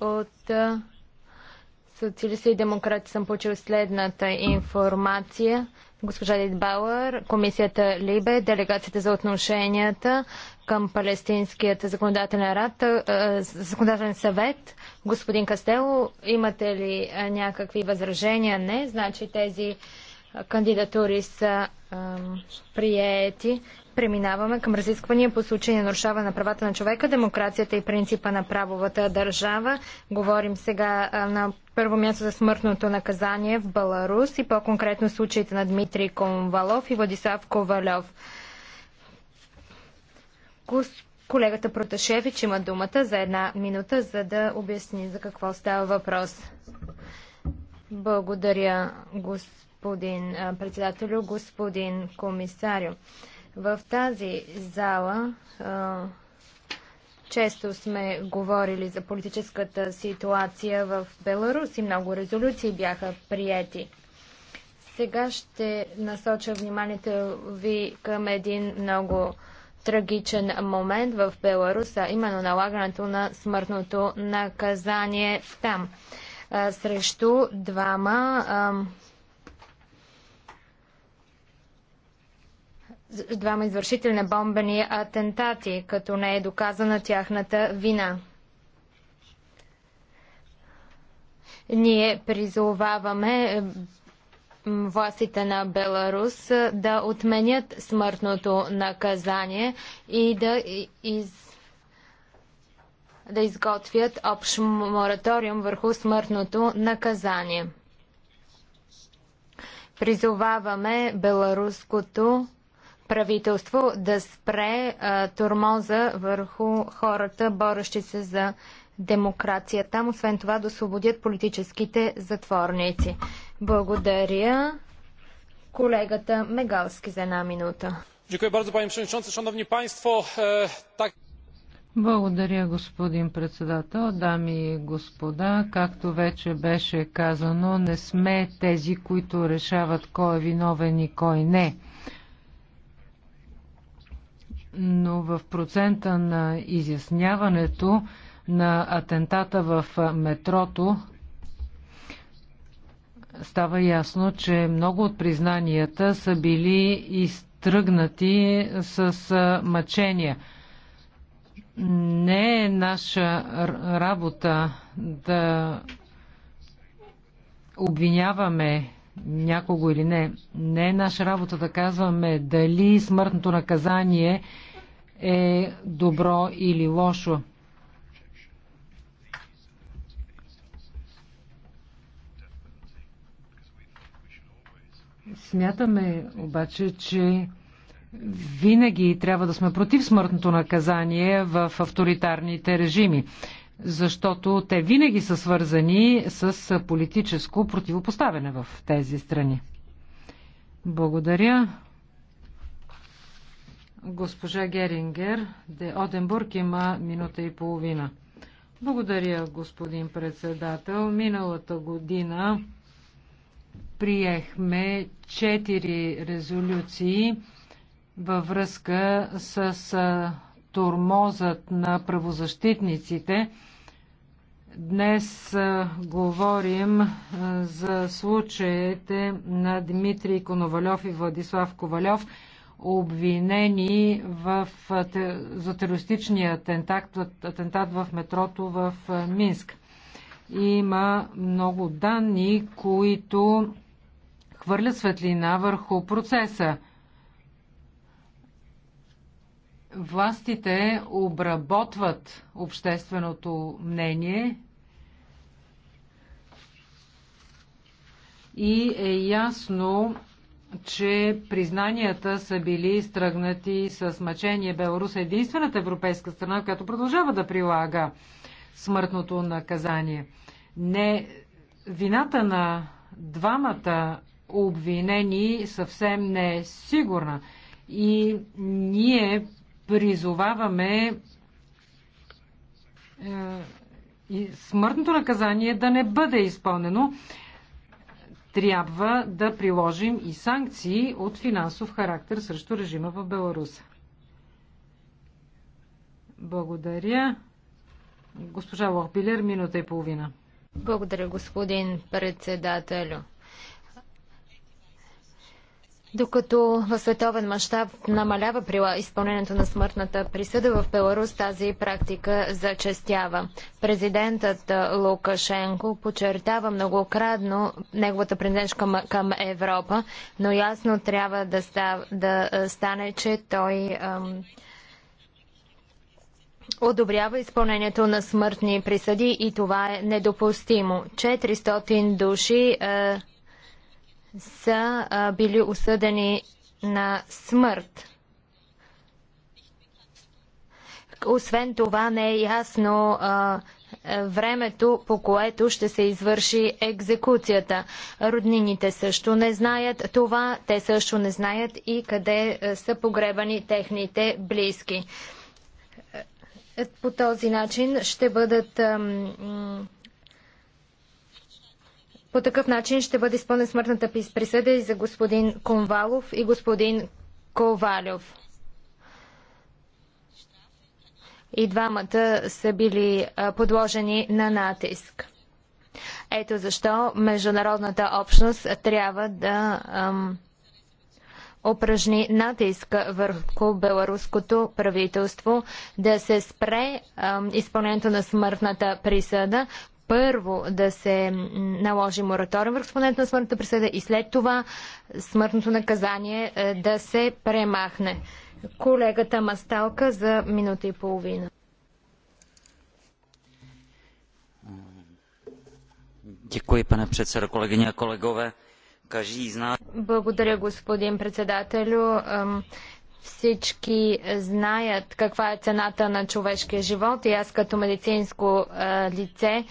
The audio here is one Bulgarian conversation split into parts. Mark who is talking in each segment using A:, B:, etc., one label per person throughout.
A: От Социалисти и демократи съм получил следната информация. Госпожа Литбауър, комисията Либе, делегацията за отношенията към Палестинският законодателен, рад, законодателен съвет. Господин Кастело, имате ли някакви възражения? Не. Значи тези кандидатури са приети. Преминаваме към разисквания по случай на нарушаване на правата на човека, демокрацията и принципа на правовата държава. Говорим сега на първо място за смъртното наказание в Беларус и по-конкретно случаите на Дмитрий Комвалов и Владислав Ковалев. Колегата Проташевич има думата за една минута, за да обясни за какво става въпрос. Благодаря, господин председателю, господин комисарю. В тази зала а, често сме говорили за политическата ситуация в Беларус и много резолюции бяха приети. Сега ще насоча вниманието ви към един много трагичен момент в Беларуса, именно налагането на смъртното наказание там. А, срещу двама а, двама извършители на бомбени атентати, като не е доказана тяхната вина. Ние призоваваме властите на Беларус да отменят смъртното наказание и да, из... да изготвят общ мораториум върху смъртното наказание. Призоваваме беларуското правителство да спре а, тормоза върху хората, борещи се за демокрация там, освен това да освободят политическите затворници. Благодаря колегата Мегалски за една минута. Е,
B: Благодаря, господин председател. Дами и господа, както вече беше казано, не сме тези, които решават кой е виновен и кой не но в процента на изясняването на атентата в метрото става ясно, че много от признанията са били изтръгнати с мъчения. Не е наша работа да обвиняваме някого или не. Не е наша работа да казваме дали смъртното наказание е добро или лошо. Смятаме обаче, че винаги трябва да сме против смъртното наказание в авторитарните режими, защото те винаги са свързани с политическо противопоставяне в тези страни. Благодаря. Госпожа Герингер де Оденбург има минута и половина. Благодаря, господин председател. Миналата година приехме четири резолюции във връзка с турмозът на правозащитниците. Днес говорим за случаите на Дмитрий Коновалев и Владислав Ковалев – обвинени в, за терористичния атентат, атентат в метрото в Минск. Има много данни, които хвърлят светлина върху процеса. Властите обработват общественото мнение и е ясно, че признанията са били изтръгнати с мъчение. Беларус е единствената европейска страна, която продължава да прилага смъртното наказание. Не вината на двамата обвинени съвсем не е сигурна. И ние призоваваме е, смъртното наказание да не бъде изпълнено трябва да приложим и санкции от финансов характер срещу режима в Беларус. Благодаря. Госпожа Лохбилер, минута и половина.
A: Благодаря, господин председателю. Докато в световен мащаб намалява изпълнението на смъртната присъда в Беларус, тази практика зачестява. Президентът Лукашенко подчертава многократно неговата принадлежка към, Европа, но ясно трябва да, став, да стане, че той ам, одобрява изпълнението на смъртни присъди и това е недопустимо. 400 души. А, са били осъдени на смърт. Освен това не е ясно а, времето, по което ще се извърши екзекуцията. Роднините също не знаят това, те също не знаят и къде са погребани техните близки. Е, по този начин ще бъдат по такъв начин ще бъде изпълнен смъртната присъда и за господин Конвалов и господин Ковалев. И двамата са били подложени на натиск. Ето защо международната общност трябва да ам, упражни натиск върху беларуското правителство да се спре ам, изпълнението на смъртната присъда, първо да се наложи мораториум върху изпълнението на смъртната присъда и след това смъртното наказание е, да се премахне. Колегата Масталка за минута и половина.
B: Děkuji, pane předsedo, kolegyně a kolegové. Každý zná...
A: Благодаря, господин председателю. Всички знаят каква е цената на човешкия живот и аз като медицинско а, лице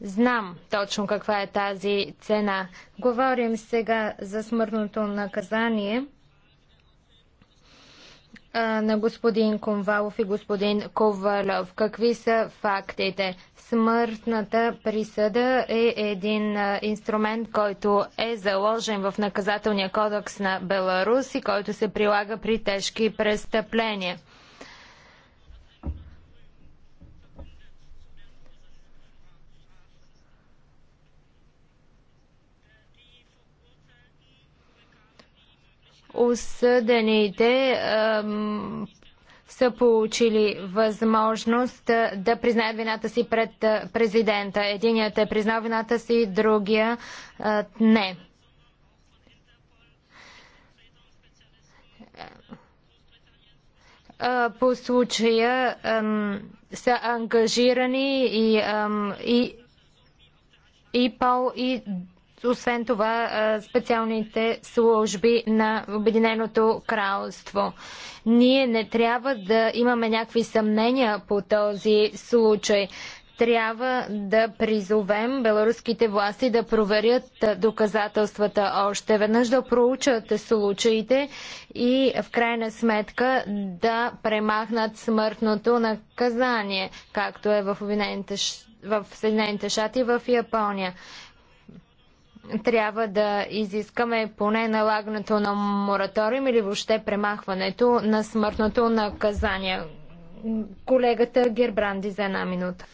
A: знам точно каква е тази цена. Говорим сега за смъртното наказание на господин Конвалов и господин Ковалов. Какви са фактите? Смъртната присъда е един инструмент, който е заложен в наказателния кодекс на Беларус и който се прилага при тежки престъпления. осъдените са получили възможност да признаят вината си пред президента. Единият е признал вината си, другия не. по случая са ангажирани и, ам, и, и Пол и освен това специалните служби на Обединеното кралство. Ние не трябва да имаме някакви съмнения по този случай. Трябва да призовем беларуските власти да проверят доказателствата още веднъж, да проучат случаите и в крайна сметка да премахнат смъртното наказание, както е в, в Съединените щати и в Япония трябва да изискаме поне налагането на мораториум или въобще премахването на смъртното наказание. Колегата Гербранди за една минута.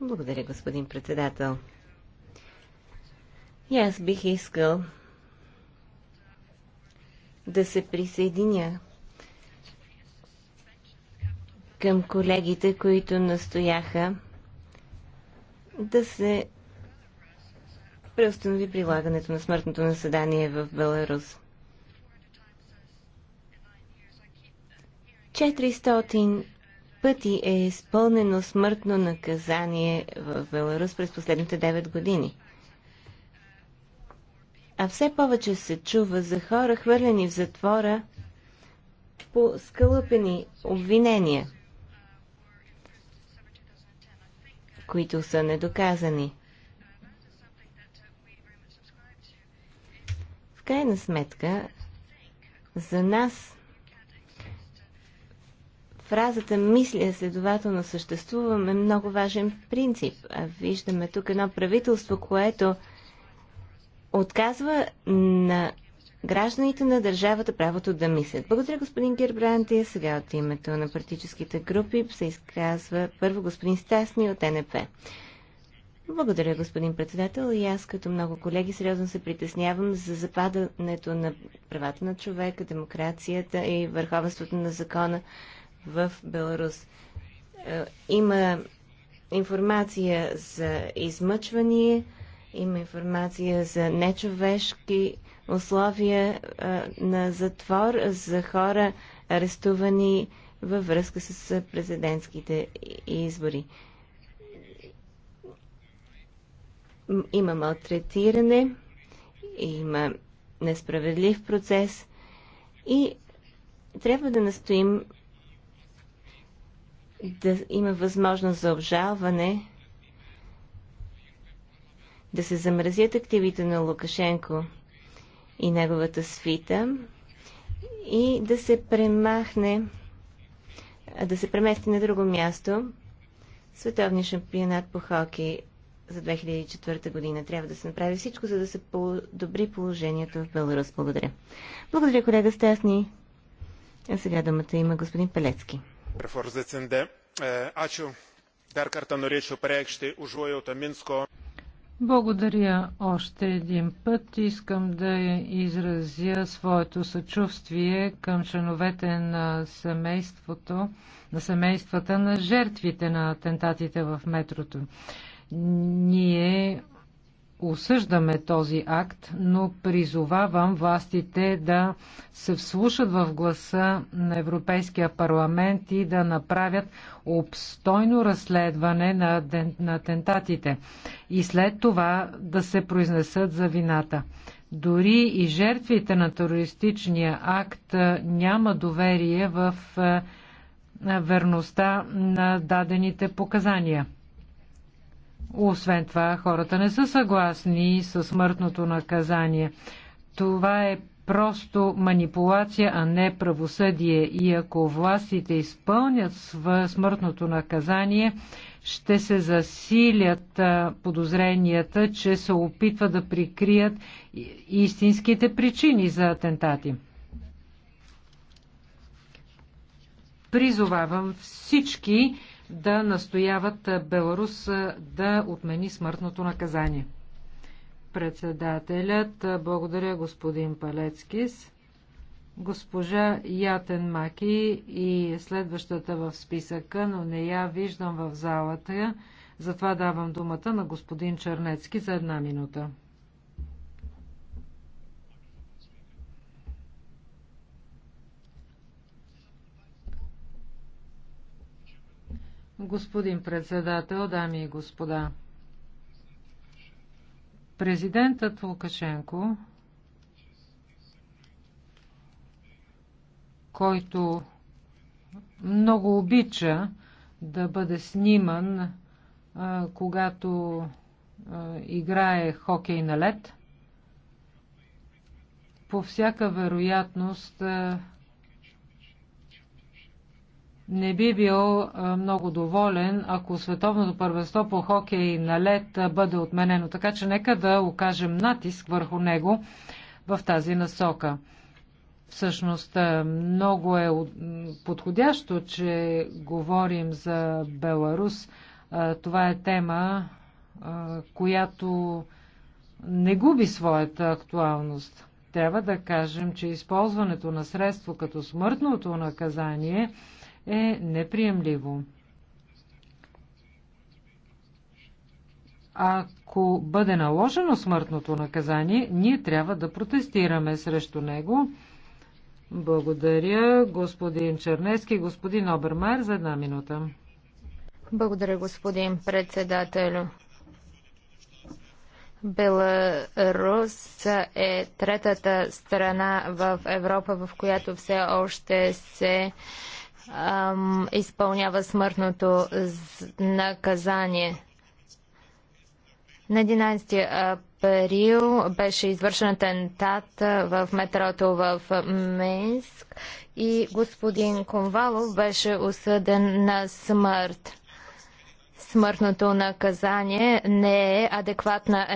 C: Благодаря, господин председател. И аз бих искал да се присъединя към колегите, които настояха да се преустанови прилагането на смъртното наседание в Беларус. 400 пъти е изпълнено смъртно наказание в Беларус през последните 9 години. А все повече се чува за хора, хвърлени в затвора по скълъпени обвинения – които са недоказани. В крайна сметка, за нас фразата мисля, следователно съществувам е много важен принцип. А виждаме тук едно правителство, което отказва на гражданите на държавата правото да мислят. Благодаря, господин И Сега от името на политическите групи се изказва първо господин Стасни от НП. Благодаря, господин председател. И аз, като много колеги, сериозно се притеснявам за западането на правата на човека, демокрацията и върховенството на закона в Беларус. Е, има информация за измъчвание, има информация за нечовешки условия а, е, на затвор за хора, арестувани във връзка с е, президентските избори. Има малтретиране, има несправедлив процес и трябва да настоим да има възможност за обжалване, да се замразят активите на Лукашенко – и неговата свита и да се премахне, да се премести на друго място световния шампионат по хоки за 2004 година. Трябва да се направи всичко, за да се подобри положението в Беларус. Благодаря. Благодаря, колега Стесни. А сега думата има господин Пелецки.
B: Ачо, dar kartą norėčiau pareikšti от Аминско. Благодаря още един път. Искам да изразя своето съчувствие към членовете на семейството, на семействата на жертвите на атентатите в метрото. Ние осъждаме този акт, но призовавам властите да се вслушат в гласа на Европейския парламент и да направят обстойно разследване на, на атентатите и след това да се произнесат за вината. Дори и жертвите на терористичния акт няма доверие в верността на дадените показания. Освен това, хората не са съгласни с смъртното наказание. Това е просто манипулация, а не правосъдие. И ако властите изпълнят смъртното наказание, ще се засилят подозренията, че се опитва да прикрият истинските причини за атентати. Призовавам всички да настояват Беларус да отмени смъртното наказание. Председателят, благодаря господин Палецкис. Госпожа Ятен Маки и следващата в списъка, но не я виждам в залата, затова давам думата на господин Чернецки за една минута. Господин председател, дами и господа, президентът Лукашенко, който много обича да бъде сниман, когато играе хокей на лед, по всяка вероятност не би бил много доволен, ако световното първенство по хокей на лед бъде отменено. Така че нека да окажем натиск върху него в тази насока. Всъщност много е подходящо, че говорим за Беларус. Това е тема, която не губи своята актуалност. Трябва да кажем, че използването на средство като смъртното наказание – е неприемливо. Ако бъде наложено смъртното наказание, ние трябва да протестираме срещу него. Благодаря, господин Чернески, господин Обермайер, за една минута.
A: Благодаря, господин председател. Беларус е третата страна в Европа, в която все още се изпълнява смъртното наказание. На 11 април беше извършен атентат в метрото в Минск и господин Конвалов беше осъден на смърт. Смъртното наказание не е адекватна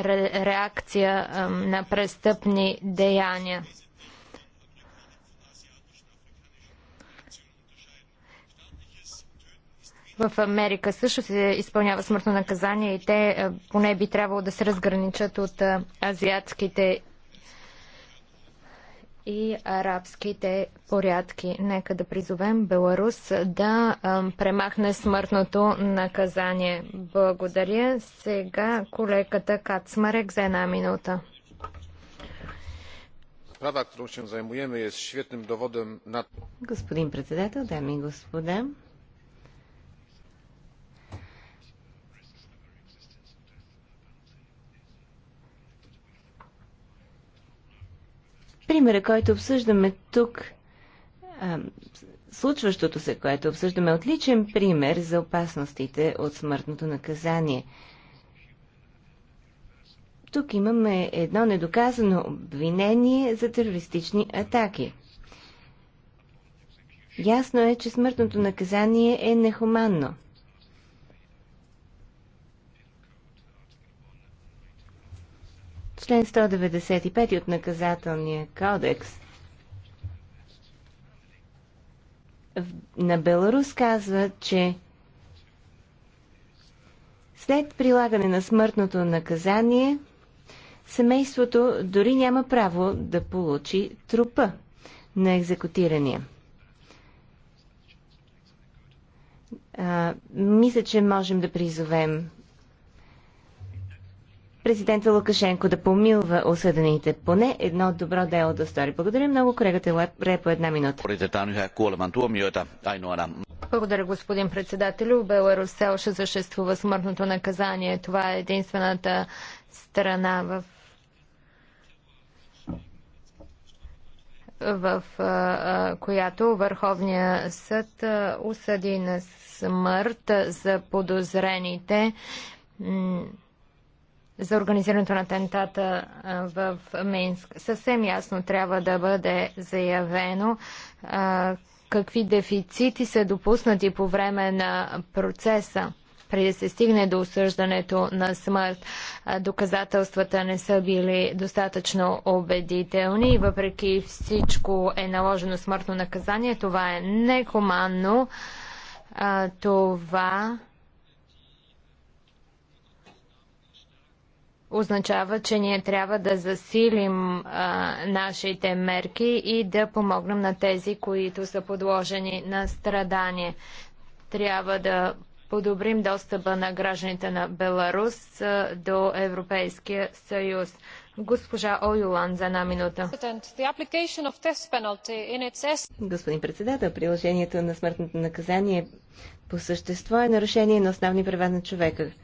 A: реакция на престъпни деяния. В Америка също се изпълнява смъртно наказание и те е, поне би трябвало да се разграничат от е, азиатските и арабските порядки. Нека да призовем Беларус да е, премахне смъртното наказание. Благодаря. Сега колегата Кацмарек
C: за една минута. Господин председател, дами и господа, Примера, който обсъждаме тук, случващото се, което обсъждаме, е отличен пример за опасностите от смъртното наказание. Тук имаме едно недоказано обвинение за терористични атаки. Ясно е, че смъртното наказание е нехуманно – член 195 от наказателния кодекс на Беларус казва, че след прилагане на смъртното наказание, семейството дори няма право да получи трупа на екзекутирания. А, мисля, че можем да призовем президента Лукашенко да помилва осъдените. Поне едно добро дело да стори. Благодаря много, колегата Репо, една минута. Благодаря, господин председател.
A: Беларус все още съществува смъртното наказание. Това е единствената страна в в а, която Върховния съд а, осъди на смърт за подозрените за организирането на атентата в Минск. Съвсем ясно трябва да бъде заявено какви дефицити са допуснати по време на процеса преди да се стигне до осъждането на смърт. Доказателствата не са били достатъчно убедителни въпреки всичко е наложено смъртно наказание. Това е нехуманно. Това означава, че ние трябва да засилим а, нашите мерки и да помогнем на тези, които са подложени на страдание. Трябва да подобрим достъпа на гражданите на Беларус а, до Европейския съюз. Госпожа Оюлан за една минута.
C: Господин председател, приложението на смъртното наказание по същество е нарушение на основни права на човека –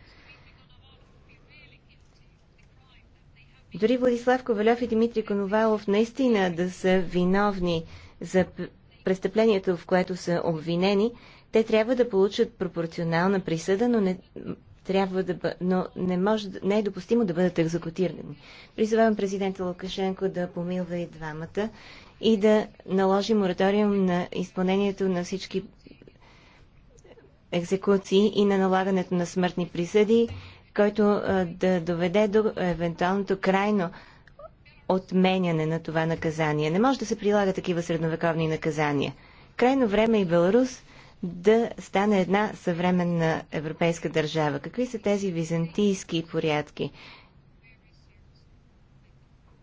C: дори Владислав Ковалев и Дмитрий Коновалов наистина да са виновни за престъплението, в което са обвинени, те трябва да получат пропорционална присъда, но не трябва да бъ... но не, може, не е допустимо да бъдат екзекутирани. Призовавам президента Лукашенко да помилва и двамата и да наложи мораториум на изпълнението на всички екзекуции и на налагането на смъртни присъди, който да доведе до евентуалното крайно отменяне на това наказание. Не може да се прилага такива средновековни наказания. Крайно време е и Беларус да стане една съвременна европейска държава. Какви са тези византийски порядки?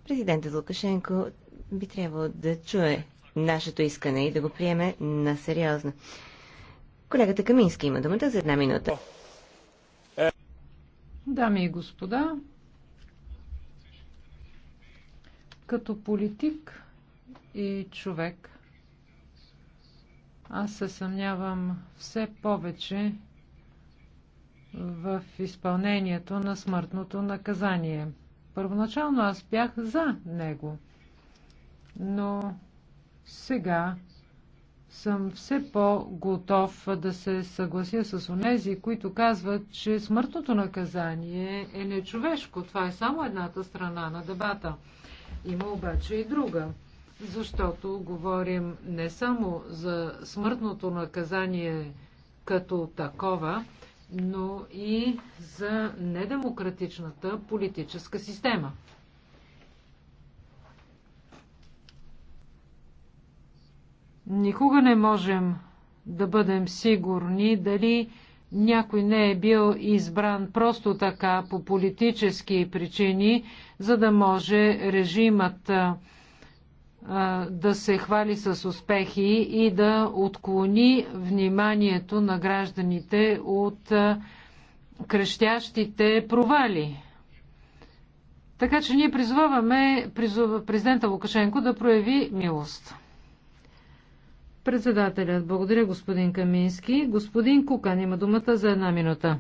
C: Президентът Лукашенко би трябвало да чуе нашето искане и да го приеме на сериозно. Колегата Камински има думата за една минута.
B: Дами и господа, като политик и човек, аз се съмнявам все повече в изпълнението на смъртното наказание. Първоначално аз бях за него, но сега съм все по-готов да се съглася с онези, които казват, че смъртното наказание е нечовешко. Това е само едната страна на дебата. Има обаче и друга, защото говорим не само за смъртното наказание като такова, но и за недемократичната политическа система. Никога не можем да бъдем сигурни дали някой не е бил избран просто така по политически причини, за да може режимът да се хвали с успехи и да отклони вниманието на гражданите от крещящите провали. Така че ние призоваваме президента Лукашенко да прояви милост. Председателят, благодаря господин Камински. Господин Кукан има думата за една минута.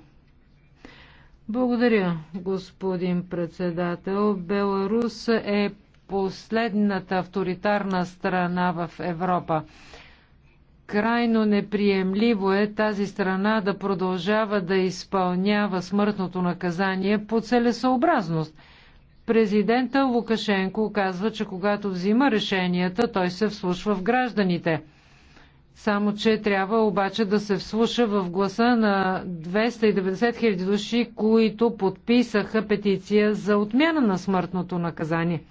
B: Благодаря, господин председател. Беларус е последната авторитарна страна в Европа. Крайно неприемливо е тази страна да продължава да изпълнява смъртното наказание по целесообразност. Президента Лукашенко казва, че когато взима решенията, той се вслушва в гражданите – само, че трябва обаче да се вслуша в гласа на 290 хиляди души, които подписаха петиция за отмяна на смъртното наказание.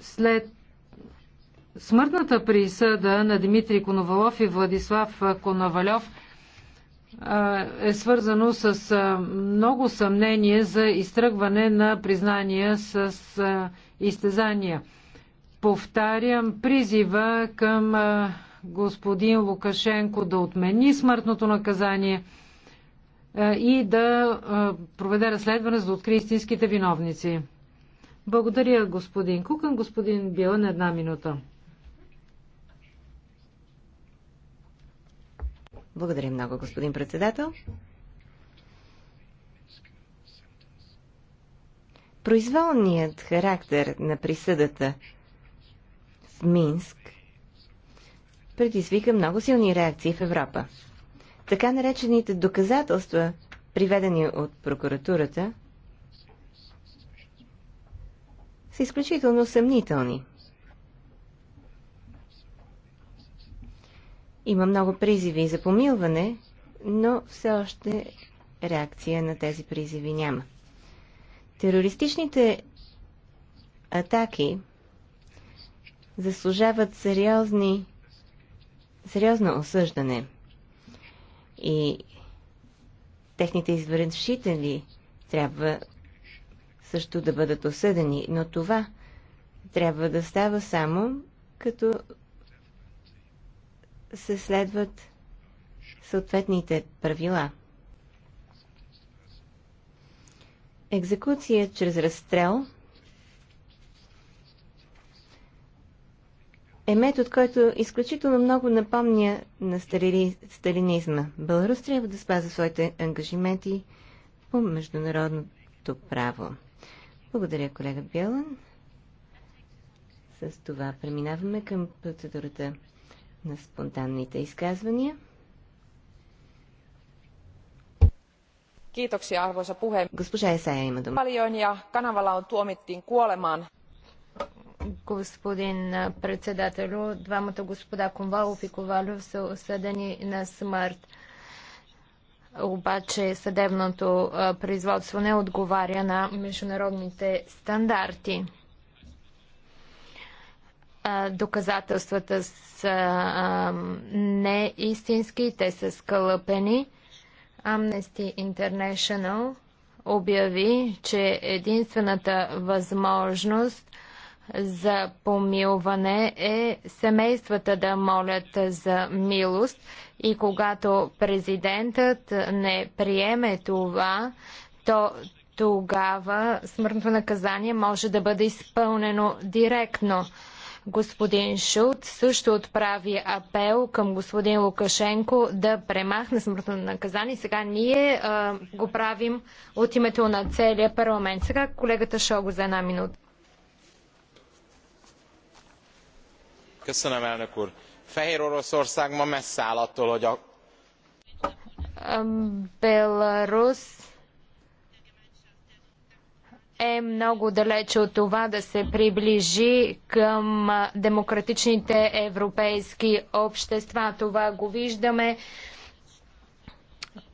B: След смъртната присъда на Димитрий Коновалов и Владислав Коновалев е свързано с много съмнение за изтръгване на признания с изтезания. Повтарям призива към господин Лукашенко да отмени смъртното наказание и да проведе разследване за да откри истинските виновници. Благодаря, господин Кукан. Господин Билан, една минута.
C: Благодаря много, господин председател. Произволният характер на присъдата – в Минск предизвика много силни реакции в Европа. Така наречените доказателства, приведени от прокуратурата, са изключително съмнителни. Има много призиви за помилване, но все още реакция на тези призиви няма. Терористичните атаки заслужават сериозни, сериозно осъждане. И техните извършители трябва също да бъдат осъдени, но това трябва да става само като се следват съответните правила. Екзекуция чрез разстрел е метод, който изключително много напомня на старили, сталинизма. Беларус трябва да спазва своите ангажименти по международното право. Благодаря, колега Бялан. С това преминаваме към процедурата на спонтанните изказвания.
B: Kiitoksia, arvoisa puhemies. Госпожа Есая има дума. Paljon ja kanavalla on tuomittiin kuolemaan
A: господин председателю. Двамата господа Конвалов и Ковалев са осъдени на смърт. Обаче съдебното производство не отговаря на международните стандарти. Доказателствата са неистински, те са скълъпени. Amnesty International обяви, че единствената възможност – за помилване е семействата да молят за милост и когато президентът не приеме това, то тогава смъртното наказание може да бъде изпълнено директно. Господин Шут също отправи апел към господин Лукашенко да премахне смъртното наказание. Сега ние а, го правим от името на целия парламент. Сега колегата Шого за една минута.
C: fehéroroszország ma messze áll attól hogy a.
A: беларус е много далеч от това да се приближи към демократичните европейски общества. Това го виждаме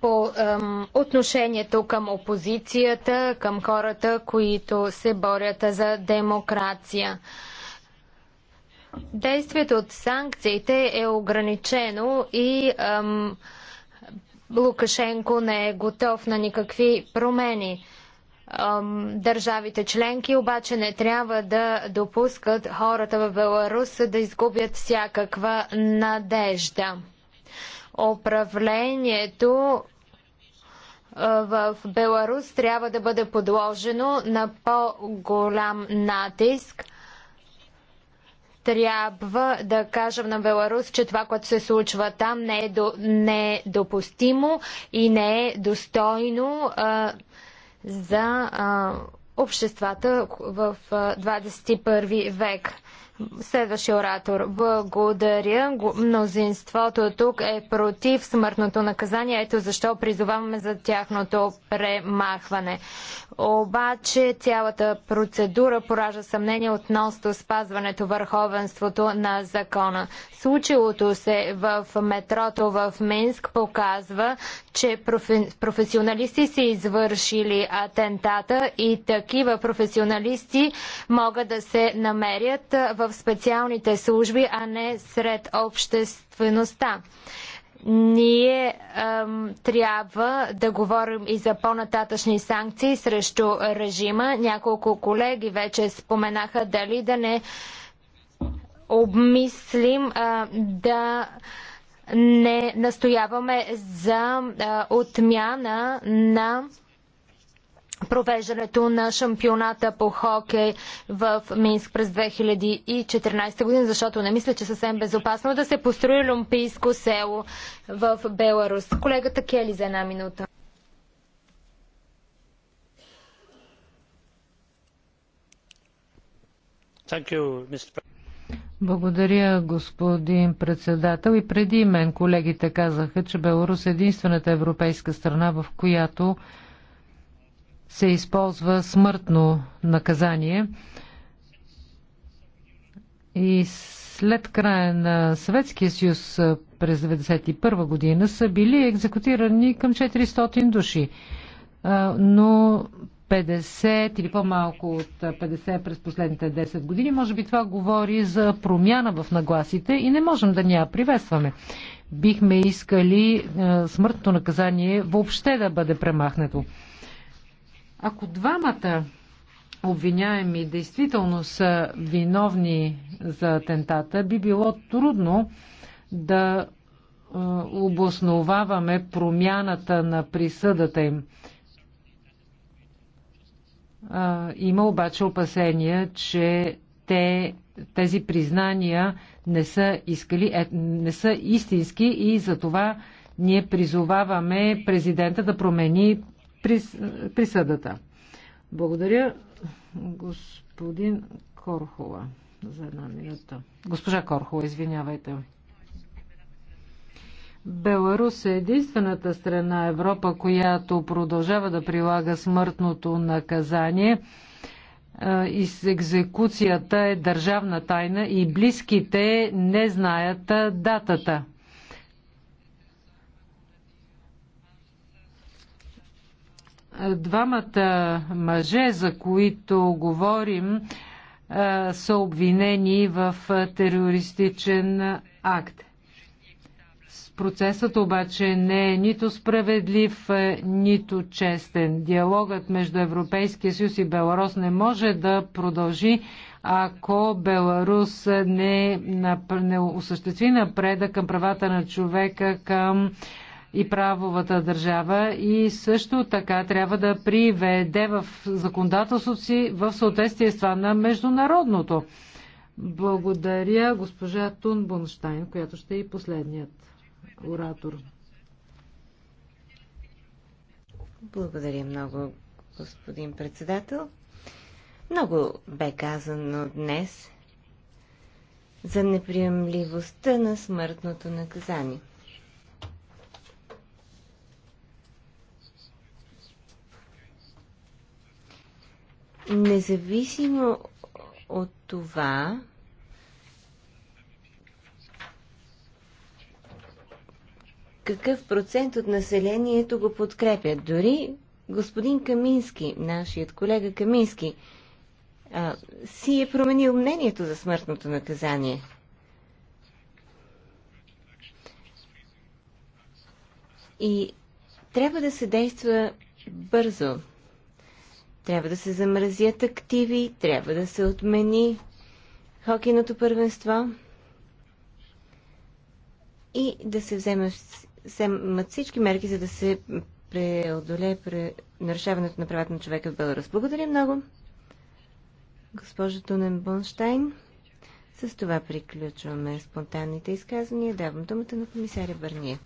A: по ем, отношението към опозицията, към хората, които се борят за демокрация. Действието от санкциите е ограничено и ам, Лукашенко не е готов на никакви промени. Ам, държавите членки обаче не трябва да допускат хората в Беларус да изгубят всякаква надежда. Управлението в Беларус трябва да бъде подложено на по-голям натиск трябва да кажем на Беларус, че това, което се случва там, не е, до, не е допустимо и не е достойно а, за а, обществата в а, 21 век. Следващия оратор. Благодаря. Мнозинството тук е против смъртното наказание. Ето защо призоваваме за тяхното премахване. Обаче цялата процедура поража съмнение относно спазването върховенството на закона. Случилото се в метрото в Минск показва, че профи... професионалисти са извършили атентата и такива професионалисти могат да се намерят в специалните служби, а не сред обществеността. Ние ем, трябва да говорим и за по-нататъчни санкции срещу режима. Няколко колеги вече споменаха дали да не обмислим е, да не настояваме за е, отмяна на провеждането на шампионата по хокей в Минск през 2014 година, защото не мисля, че съвсем безопасно е да се построи олимпийско село в Беларус. Колегата Кели за една минута.
B: Благодаря, господин председател. И преди мен колегите казаха, че Беларус е единствената европейска страна, в която се използва смъртно наказание. И след края на Съветския съюз през 1991 година са били екзекутирани към 400 души. Но 50 или по-малко от 50 през последните 10 години. Може би това говори за промяна в нагласите и не можем да ни я приветстваме. Бихме искали смъртното наказание въобще да бъде премахнато. Ако двамата обвиняеми действително са виновни за атентата, би било трудно да е, обосноваваме промяната на присъдата им. Е, има обаче опасения, че те, тези признания не са, искали, е, не са истински и за това ние призоваваме президента да промени присъдата. Благодаря, господин Корхова, за една минута. Госпожа Корхова, извинявайте. Беларус е единствената страна Европа, която продължава да прилага смъртното наказание. И с екзекуцията е държавна тайна и близките не знаят датата. Двамата мъже, за които говорим, са обвинени в терористичен акт. Процесът обаче не е нито справедлив, нито честен. Диалогът между Европейския съюз и Беларус не може да продължи, ако Беларус не, не осъществи напреда към правата на човека, към и правовата държава и също така трябва да приведе в законодателството си в съответствие с това на международното. Благодаря госпожа Тун Бунштайн, която ще е и последният оратор.
C: Благодаря много, господин председател. Много бе казано днес за неприемливостта на смъртното наказание. Независимо от това, какъв процент от населението го подкрепят. Дори господин Камински, нашият колега Камински, а, си е променил мнението за смъртното наказание. И трябва да се действа бързо. Трябва да се замразят активи, трябва да се отмени хокейното първенство и да се вземат, вземат всички мерки, за да се преодолее пре... нарушаването на правата на човека в Беларус. Благодаря много, госпожа Тунен Бонштайн. С това приключваме спонтанните изказвания. Давам думата на комисаря Бърния.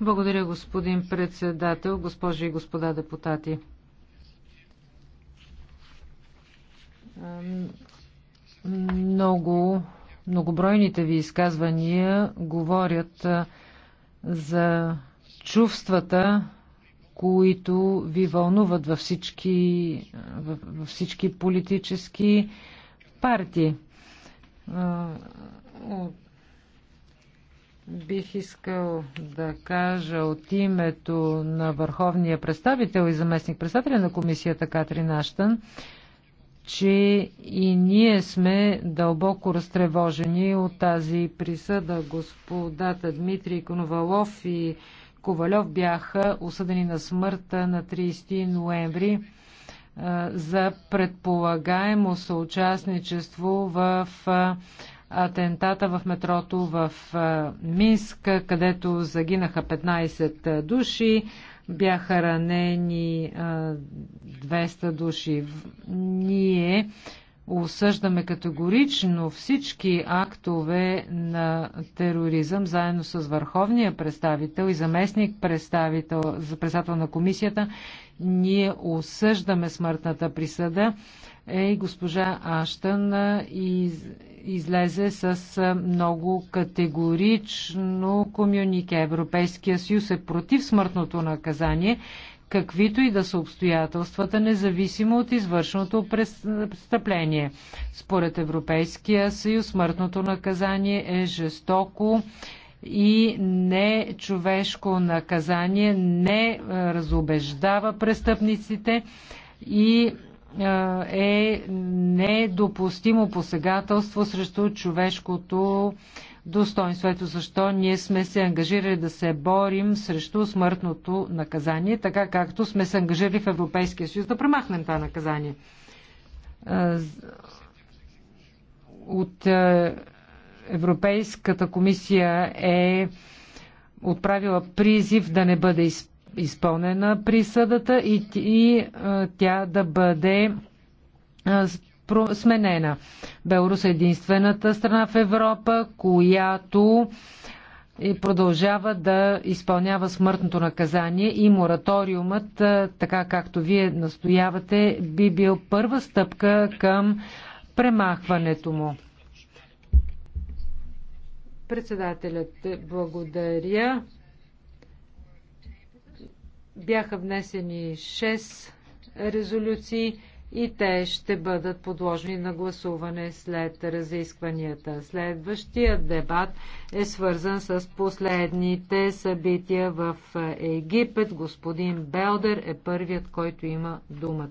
B: Благодаря, господин председател, госпожи и господа депутати. Много, многобройните ви изказвания говорят за чувствата, които ви вълнуват във всички, във всички политически партии. Бих искал да кажа от името на върховния представител и заместник председателя на комисията Катрин Аштън, че и ние сме дълбоко разтревожени от тази присъда. Господата Дмитрий Коновалов и Ковалев бяха осъдени на смърт на 30 ноември за предполагаемо съучастничество в атентата в метрото в Минск, където загинаха 15 души, бяха ранени 200 души. Ние осъждаме категорично всички актове на тероризъм, заедно с върховния представител и заместник представител, за председател на комисията. Ние осъждаме смъртната присъда е госпожа Аштън излезе с много категорично комюнике. Европейския съюз е против смъртното наказание, каквито и да са обстоятелствата, независимо от извършеното престъпление. Според Европейския съюз смъртното наказание е жестоко и не човешко наказание, не разобеждава престъпниците и е, е недопустимо посегателство срещу човешкото достоинство. Ето защо ние сме се ангажирали да се борим срещу смъртното наказание, така както сме се ангажирали в Европейския съюз да премахнем това наказание. Е, от е, Европейската комисия е отправила призив да не бъде изпълнена изпълнена присъдата и, и тя да бъде сменена. Белорус е единствената страна в Европа, която и продължава да изпълнява смъртното наказание и мораториумът, така както вие настоявате, би бил първа стъпка към премахването му. Председателят благодаря. Бяха внесени 6 резолюции и те ще бъдат подложени на гласуване след разискванията. Следващия дебат е свързан с последните събития в Египет. Господин Белдер е първият, който има думата.